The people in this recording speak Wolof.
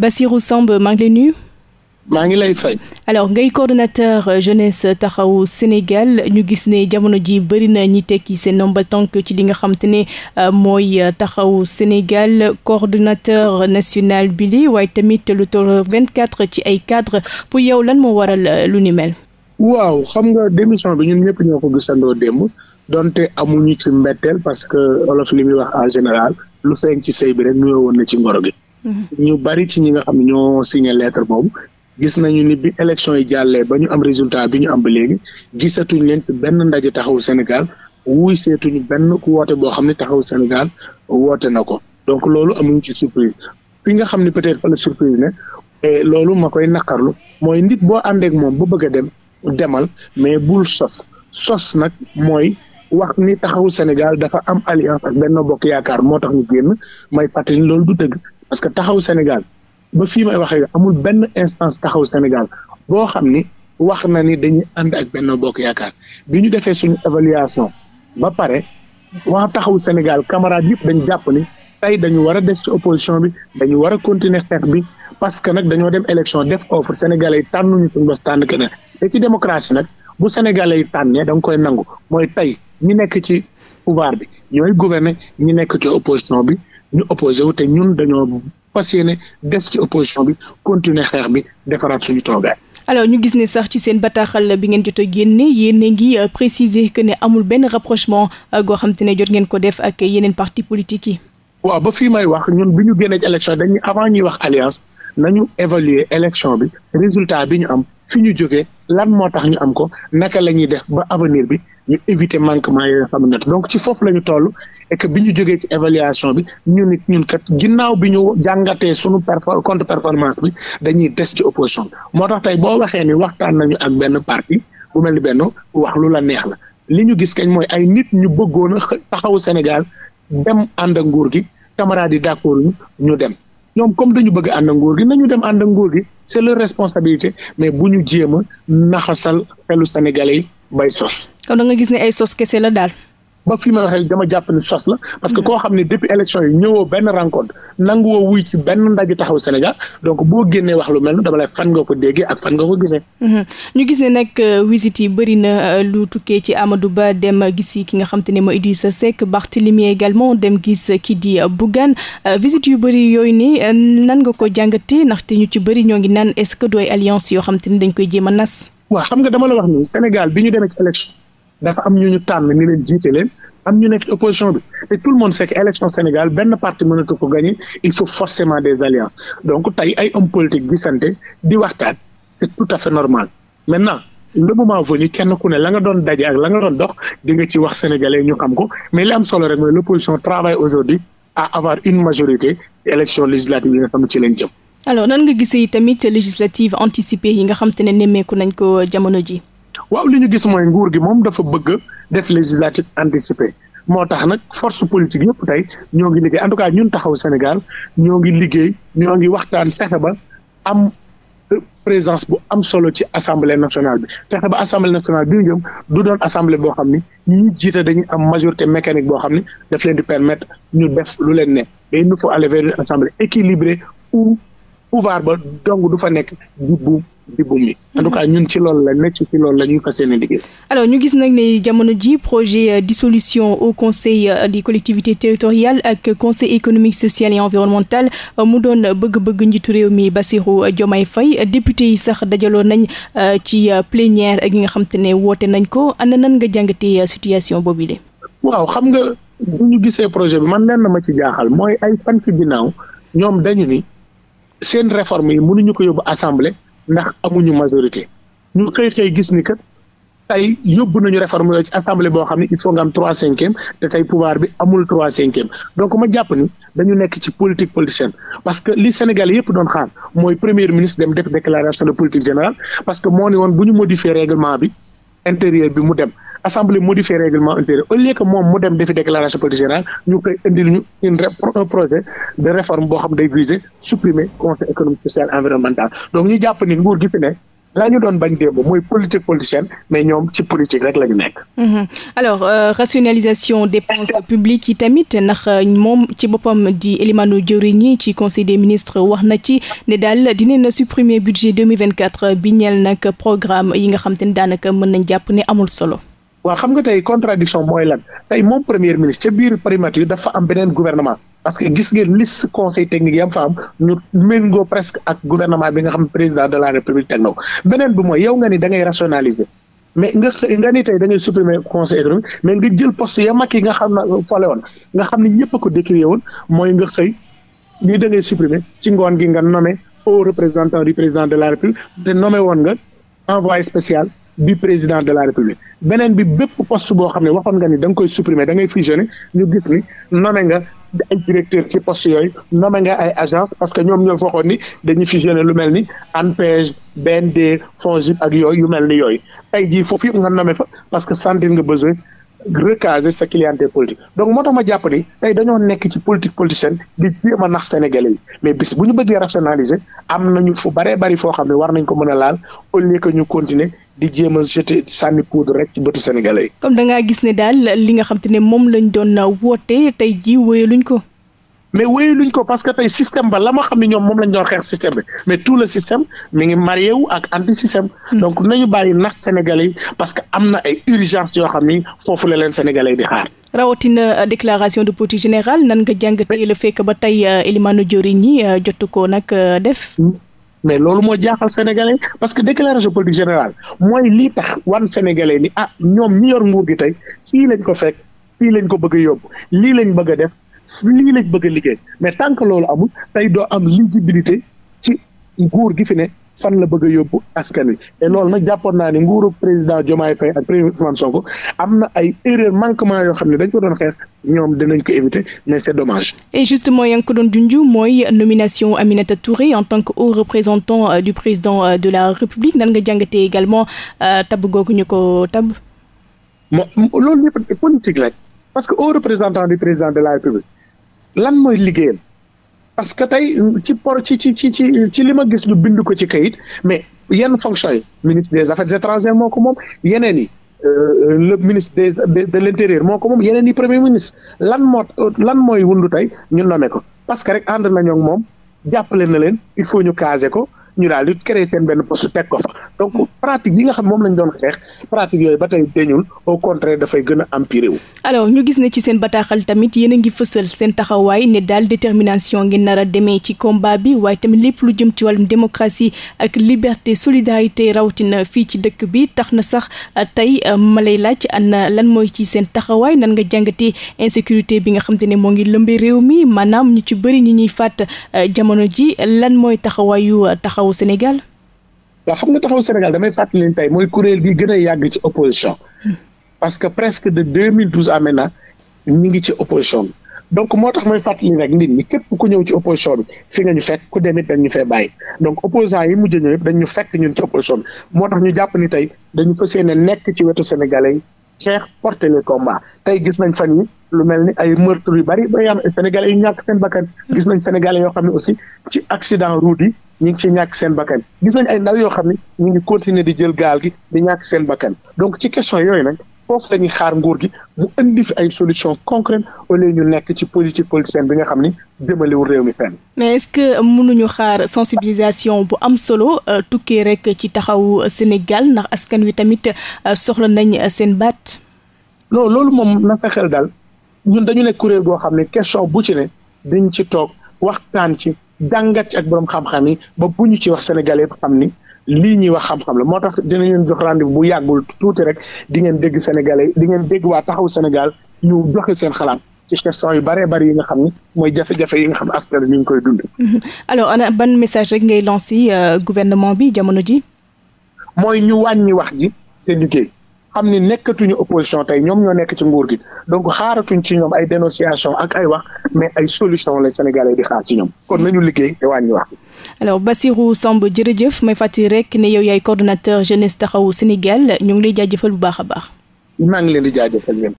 Bassirou Samb maa ngi lay nuyu. maa ngi lay fay. alors ngay coordonnateur euh, jeunesse euh, taxawu Sénégal ñu gis ne jamono ji bëri na ñi tekki seen nombal tànk ci li nga xam te ne euh, mooy taxawu Sénégal coordonnateur national bi li waaye tamit lu toll vingt quatre ci ay cadre pour yow lan moo waral lu ni mel. waaw xam nga démission bi ñun ñëpp ñoo ko gisandoo démb donte amuñu ci mbetteel parce que olof li muy wax en général lu feeñ ci sëy bi rek nuyoo woon ci ngoro gi. ñu bari ci ñi nga xam ñoo signé lettre boobu gis nañu ni bi élection yi jàllee ba ñu am résultat bi ñu am ba léegi gisatuñ leen ci benn ndaje taxawu Sénégal wuy seetuñu benn ku woote boo xam ne taxawu Sénégal woote na ko donc loolu amuñ ci surprise fi nga xam ne peut-être fa la surprise ne eh, loolu ma koy naqarlu mooy nit boo àndeek moom ba bëgg a dem demal mais bul sos sos nag mooy wax ni taxawu Sénégal dafa am alliance ak benn bokk yaakaar moo tax ñu génn may fàttali loolu du dëgg parce que taxaw Sénégal ba fii may waxee amul benn instance taxaw Sénégal boo xam ni wax na ni dañuy ànd ak benn bokk yaakaar bi ñu defee suñu évaluation ba pare waa taxaw Sénégal camarades yëpp dañ jàpp ni tay dañu war a des ci opposition bi dañu war a continuer bi parce que nag dañoo dem élection def offre sénégalais yi tànnuñu suñu bos tànn keneen te ci démocratie nag bu sénégalais yi tànnee da nga koy nangu mooy tey ñi nekk ci pouvoir bi ñooy gouverner ñi nekk ci opposition bi ñu opposé wu te ñun dañoo fas yéene des ci opposition bi continuer xeex bi defaraat suñu toogaay. alors ñu gis ne sax ci seen bataaxal bi ngeen jot a génne yéen a ngi euh, préciser que ne amul benn rapprochement euh, goo xam te ne jot ngeen ko def ak yeneen parti politique yi. waaw ba fii may wax ñun bi ñu génnee ci élection dañuy avant ñuy wax alliance nañu évaluer élection bi résultat bi ñu am fi ñu jógee lan moo tax ñu am ko naka la ñuy def ba avenir bi ñu éviter manquement yooyu xam ne donc ci foofu la ñu toll et bi ñu jógee ci évaluation bi ñu it ñun kat ginnaaw bi ñu jàngatee sunu perfor compte performance bi dañuy des ci opposition bi moo tax tey boo waxee ni waxtaan nañu ak benn parti bu mel ni benn wax lu la neex la li ñu gis kañ mooy ay nit ñu bëggoon taxawu Sénégal dem ànd ak nguur gi camarades yi d'accord ñu dem. ñoom comme dañu bëgg ànd nguur gi nañu dem and nguur gi c'est leur responsabilité mais bu ñu jéema a naxasal xelu sénégalais yi bay sos. kon da nga gis ne ay sos kese la daal. ba fi ma waxee dama jàpp ne sos la parce que koo xam ne depuis élection yi ñëwoo benn rencontre nanguwoo wuy ci benn ndaje taxaw Sénégal donc boo génnee wax lu mel dama lay fan nga ko déggee ak fan nga ko gisee. Mhm. ñu gis ne nag euh, visite yi bëri na euh, lu tukkee ci Amadou Ba dem gis ki nga xam te ne mooy Idrissa Seck Barthélemy également dem gis ki di Bougane euh, visite yu bari yooyu ni nan nga ko jàngatee ndaxte ñu ci bari ñoo ngi naan est-ce que dooy alliance yoo xam te dañ koy jéem nas. waaw xam nga dama la wax ni Sénégal bi ñu demee ci élection. dafa am ñu ñu tànn ni leen jiite leen am ñu nekk opposition bi te tout le monde sait que élection Sénégal benn parti mënatu ko gagner il faut forcément des alliances donc tey ay hommes politiques gisante di waxtaan c'est tout à fait normal maintenant le moment venu kenn ku ne la nga doon daje ak la nga doon dox di nga ci wax sénégalais ñu xam ko mais li am solo rek mooy l'opposition travaille aujourd'hui à avoir une majorité élection législative yi nga xam ci lañ jëm alors nan nga gisee tamit législative anticipée yi nga xam ne nemmeeku nañ ko jamono ji waaw li ñu gis mooy nguur gi moom dafa bëgg def législative anticipée moo tax nag force politique yëpp tey ñoo ngi liggéey en tout cas ñun taxaw Sénégal ñoo ngi liggéey ñoo ngi waxtaan fexe ba am euh, présence bu am solo ci assemblée nationale bi fexe ba assemblée nationale bi ñu jëm du doon assemblée boo xam ni ñi jiite dañuy am majorité mécanique boo xam ni def leen di permettre ñu def lu leen ne mais il nous faut aller vers assemblée équilibrée où pouvoir ba dong du fa nekk di buum di buum mi en mhm. ñun ci loolu la nekk ci loolu la ñu fas yéene ñu gis nag ne jamono ji projet euh, dissolution au conseil euh, des collectivités territoriales ak conseil économique social et environnemental euh, mu doon bëgg-bëgg njiitu réew mi Bassirou ay Faye député yi sax dajaloo nañ ci plénière gi nga xam te ne woote nañ ko ana nan nga jàngatee situation boobu de. waaw xam nga bu ñu gisee projet bi man lenn ma ci jaaxal mooy ay fan ci ginnaaw seen réforme yi mënuñu ko yóbbu assemblée ndax amuñu majorité ñu xëy xëy gis ni kat tey yóbbu nañu réforme yooyu ci assemblée boo xam ne il faut nga am trois cinquième te tey pouvoir bi amul trois cinquième donc ma jàpp ni dañu nekk ci politique politicienne parce que li Sénégal yëpp doon xaar mooy premier ministre dem def déclaration de politique générale parce que moo ni woon bu ñu modifier règlement bi intérieur bi mu dem assemblée modifier règlement intérieur au lieu que moom mu dem defi déclaration politique générale ñu koy indil ñu un projet de réforme boo xam day viser supprimer conseil économique social environnemental donc ñu jàpp ni nguur gi ne la ci politique rek la ñu nekk. Mm-hmm. alors euh, rationalisation dépenses publiques yi tamit ndax euh, moom ci boppam di Elimano Diourini ci conseil des ministres wax na ci ne daal dinañ supprimer budget bi ñeel nag programme yi nga xam te ne daanaka mën nañ jàpp ne amul solo. waa xam nga tey contradiction mooy lan tey moom premier ministre ca biir primature dafa am beneen gouvernement parce que gis ngeen liste conseil technique yam fa am ñu méngoo presque ak gouvernement bi nga xam président de la république teg na ko beneen bi mooy yow nga ni da ngay rationaliser mais nga nga ni tey da ngay conseil économique mais nga jël poste ya mag yi nga xam ne fole woon nga xam ne ñëpp ko décrié woon mooy nga xëy lii da ngay ci ngoon gi nga nommé au représentant président de la république te woon nga envoyé spécial bi président de la république beneen bi bépp post boo xam ne waxoon nga ni da nga koy supprimer da ngay fusionner ñu gis ni nommé nga ay directeur ci poste yooyu nommé nga ay agence parce que ñoom ñoo waxoon ni dañuy fusionner lu mel ni benn de FONGIP ak yooyu yu mel ni yooyu tey jii foofu yëpp nga nommé fa parce que sentir nga besoin recaser sa clientèle politique donc moo tax ma jàpp ni tey dañoo nekk ci politique politicienne di jéem nax Sénégalais yi mais bis bu ñu bëggee rationaliser am na ñu fu baree bari foo xam ne war nañ ko mën a laal au lieu que ñu continuer di jéem a jeter sànni poudre rek ci bëtu Sénégalais yi. comme danga gis ne daal li nga xam te ne moom lañ doon woote tey jii wéyaluñ ko. mais wéyu luñ ko parce que tey système ba la ma xam ne ñoom moom lañ doon xeex système bi mais tout le système mi ngi marié wu ak anti système. Hmm. donc nañu bàyyi nax Sénégalais yi parce que am na ay urgence yoo xam ni foofu la leen Sénégalais yi di xaar. rawatina euh, déclaration de politique générale nan nga jàngatee la fekk ba tey euh, Elimane Diori ñi euh, jotu ko nag def. Hmm. mais loolu moo jaaxal sénégalais parce que déclaration politique générale mooy lii tax wan sénégalais ni ah ñoom ñi yor nguur gi tey fii lañ ko fekk fii lañ ko bëgg a yóbbu lii lañ bëgg a def. lii lañ bëgg a liggéey mais tan que loolu amul tey doo am lisibilité ci nguur gi fi ne fan la bëgg a yóbbu askan wi et loolu nag jàppoon naa ni nguuru président Diomaye Faye ak premier Ousmane Sonko am na ay erreur manquement yoo xam ne dañ ko doon xeex ñoom dinañ ko éviter mais c'est dommage. et justement yaa ngi ko doon junj mooy nomination Aminata Touré en tant que haut représentant euh, du président euh, de la République nan nga jàngatee également euh, tab googu ñu ko tab. mo loolu yëpp politique rek parce que haut représentant du président de la lan mooy liggéeyam parce que tey ci por ci ci ci ci li ma gis ñu bind ko ci kayit mais yenn fonction yi ministre des affaires étrangères moo ko moom yeneen yi euh, le ministre des de l' intérieur moo ko moom yeneen yi premier ministre lan moo lan mooy wundu tey ñu nommé ko parce que rek ànd nañoo ak moom jàppale na leen il faut ñu caser ko ñu daal di créer seen benn poste teg ko fa donc pratique yi nga xam moom lañ doon xeex pratique yooyu ba tey dañul au contraire dafay gën a empirer ñu gis ne ci seen bataaxal tamit yéen a ngi fësal seen taxawaay ne daal détermination ngi nar a demee ci combat bi waaye tamit lépp lu jëm ci wàllum démocratie ak liberté solidarité rawatina fii ci dëkk bi tax na sax euh, tey euh, ma lay laaj na lan mooy ci seen taxawaay nan nga jàngatee insécurité bi nga xam ne moo ngi lëmbee réew mi maanaam ci bëri ñi ñuy fàtt euh, jamono ji lan mooy taxawaayu taxaw taxawu Sénégal. waaw xam nga taxawu Sénégal damay fàttali leen mooy kuréel gi gën a yàgg ci opposition. parce que presque de 2012 à maintenant ñu ngi ci opposition bi. donc moo tax may fàttali rek nit ñi képp ku ñëw ci opposition bi fi nga ñu fekk ku dem it dañ ñu fee bàyyi donc opposant yi mujj ñëw yëpp dañ ñu fekk ñun ci opposition bi moo tax ñu jàpp ni tey dañu fas yéene nekk ci wetu sénégalais yi xeex porter le combat tey gis nañ fan yi lu mel ni ay meurtre yu bari ba am sénégalais yu ñàkk seen bakkan gis nañ sénégalais yoo xam ne aussi accident route ñu ngi ci ñàkk seen bakkan gis nañ ay ndaw yoo xam ne ñu ngi continuer di jël gaal gi di ñàkk seen bakkan donc ci question yooyu nag foofu la xaar nguur gi mu indi fi ay solution concrète au ñu nekk ci politique politicienne bi nga xam ni jëmalewul réew mi fenn. mais est-ce que mënuñu xaar sensibilisation bu am solo euh, tukkee rek ci taxawu Sénégal ndax askan wi tamit euh, soxla nañ seen baat. non loolu moom na sa xel daal ñun dañu nekk kuréel goo xam ne question bu ci ne dañ ci toog waxtaan ci. jàngat ci ak borom xam-xam yi ba bu ñu ci wax sénégalais yëpp xam ni lii ñuy wax xam-xam la moo tax dinañ leen jox rendez-vous bu yàggul tuuti rek di ngeen dégg sénégalais di ngeen dégg waa taxaw Sénégal ñu joxe seen xalaat. ci questions yu bëree bëri yi nga xam ni mooy jafe-jafe yi nga xam ne askan wi ñu ngi koy dund. alors ana ban message rek ngay lancé euh, gouvernement bi jamono ji. mooy ñu wàññi wax ji te liggéey xam ni nekkatuñu opposition tey ñoom ñoo nekk ci nguur gi donc xaaratuñ ci ñoom ay dénonciation ak ay wax mais ay solution lay Sénégalais di xaar ci ñoom kon nañu liggéey te wàññi wax. alors Bassirou Samb jërëjëf may fàttali rek ne yow yaay coordonnateur jeunesse taxawu Sénégal ñu ngi lay jaajëfal bu baax a baax. maa ngi leen di jaajëfal yéen.